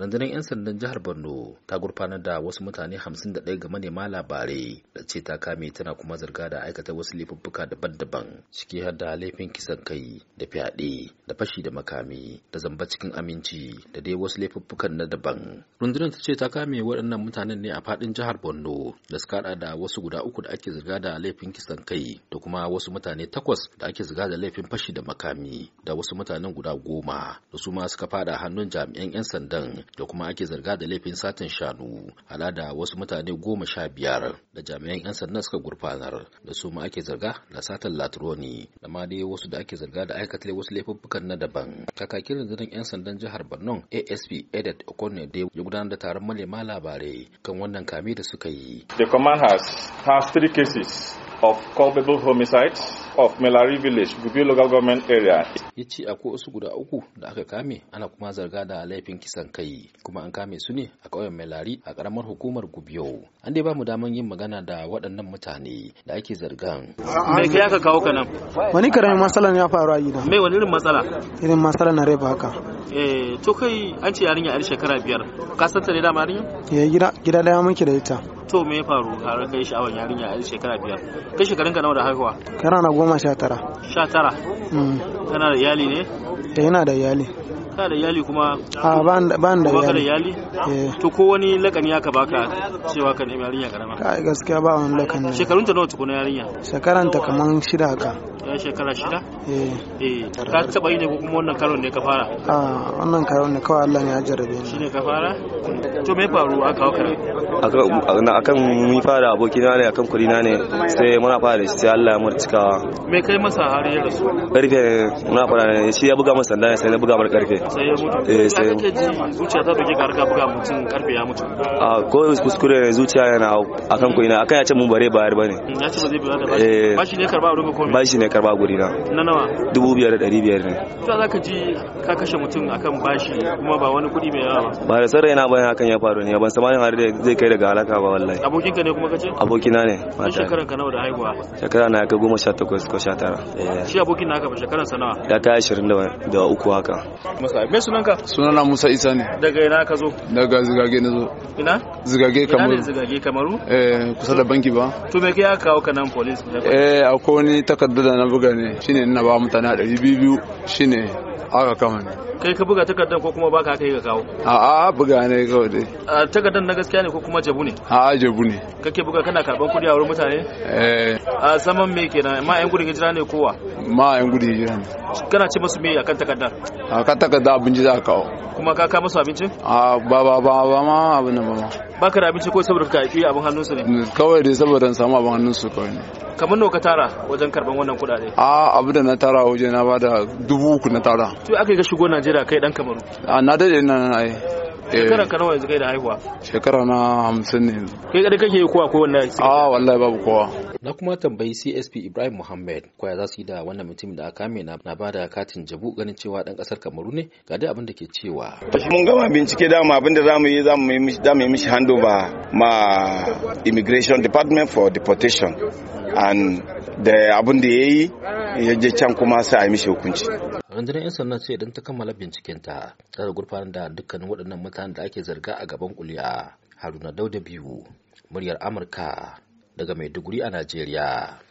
rundunar 'yan sandan jihar borno ta gurfanar da wasu mutane 51 ga manema labarai da ce ta kame tana kuma zarga da aikata wasu laifuffuka daban-daban ciki har da laifin kisan kai da fyaɗe da fashi da makami da zamba cikin aminci da dai wasu laifuffukan na daban rundunar ta ce ta kame waɗannan mutanen ne a faɗin jihar borno da suka haɗa da wasu guda uku da ake zarga da laifin kisan kai da kuma wasu mutane takwas da ake zarga da laifin fashi da makami da wasu mutanen guda goma da su ma suka fada hannun jami'an 'yan sandan da kuma ake zarga da laifin satin shanu hala da wasu mutane goma sha biyar da jami'an 'yan sanda suka gurfanar da su ma ake zarga da satin latroni da ma dai wasu da ake zarga da aikata wasu laifuffukan na daban kakakin rundunar 'yan sandan jihar borno asp okonne dai ya gudanar da taron malema labarai kan wannan kame da suka yi the command has has three cases of culpable homicides of Melari village, Gubi local government area. ya ce akwai wasu guda uku da aka kame ana kuma zarga da laifin kisan kai kuma an kame su ne a ƙauyen melari a ƙaramar hukumar gubiyo an dai ba mu daman yin magana da waɗannan mutane da ake zargan me kai aka kawo ka nan wani karamin matsalan ya faru a gida me wani irin matsala irin matsala na raba haka eh to kai an ce yarinya yar shekara biyar ka san ta ne dama yarinya eh gida gida daya muke da ita to me ya faru har kai sha'awar yarinya yar shekara biyar kai shekarun ka nawa da haihuwa kana na goma sha tara sha tara mm. kana da iyali ne eh yana da iyali ka da iyali kuma a ban da iyali da iyali eh. to ko wani lakani aka baka cewa ka nemi yarinya karama kai gaskiya ba wani lakani shekarun ta nawa tukuna yarinya shekaran ta kaman shida ka. ya shekara shida eh eh ka taba yi ne ko kuma wannan karon ne ka fara a wannan karon ne kawai Allah ne ya jarabe ni shine ka fara to me faru aka hauka akan mi fara abokina ne akan kudina ne sai muna fara da shi sai Allah ya murtuka. me kai masa har ya rasu karfe muna takura ne shi ya buga min sanda sai na buga mar karfe sai ya mutu eh sai zuciya ta buga karfe ya mutu a ko kuskure ne zuciya yana akan ko ina akan ya ce mun bare bayar bane mm, ya ce ba zai bayar ba ba shi eh. ne karba a rubuka komai ba shi ne karba guri na na nawa 2500 ne to zaka ji ka kashe akan bashi kuma ba wani kuɗi mai yawa ba ba da sarrai na bayan ya faru ne ban samanin har zai kai ka ne abokina ne shekaran ka nawa da haihuwa na ko eh. shi abokin shekara ta 23 haka me sunanka sunana Musa Isa ne daga ina ka zo daga zigage na zo ina zigage kamaru ina zigage kamaru eh kusa da banki ba to me kai ya kawo ka nan police eh akwai wani takardu da na buga ne shine ina ba mutane 200 shine aka kama ne kai ka buga takardar ko kuma ba ka kai ka kawo a'a buga ne kawai dai takardar na gaskiya ne ko kuma jabu ne a'a jabu ne kake buga kana karban kudi a wurin mutane eh a saman me kenan ma yan gudun hijira ne kowa ma yan gudun hijira ne kana ce musu me akan takardar kan takardar abinci za ka kawo kuma ka kawo musu abinci a ba ba ba ba ma abin nan ba ma Ba da abinci ko saboda ka yi abin su ne kawai dai saboda in samu abin su kawai ne kamar nawa ka tara wajen karban wannan kudade a abu da na tara wajen na bada dubu uku na tara to aka yi ga shigo najeriya kai dan kamaru a na daɗe na ai shekara eh, ka nawa yanzu kai da haihuwa shekara na hamsin ne kai kada kake kowa ko wannan a ah, wallahi babu kowa na kuma tambayi CSP Ibrahim Muhammad koya za su yi da wannan mutum da aka mai na ba da katin jabu ganin cewa dan kasar Kamaru ne ga dai abin da ke cewa mun gama bincike d'a mu abin da zamu yi zamu yi mishi mu yi mishi handover ma immigration department for deportation and da abin da yayi ya je can kuma sai a yi mishi hukunci rundunar 'yan sanda ce idan ta kammala bincikenta ta da gurfanar da dukkanin waɗannan mutanen da ake zarga a gaban kuliya haruna dauda biyu muryar amurka daga maiduguri a najeriya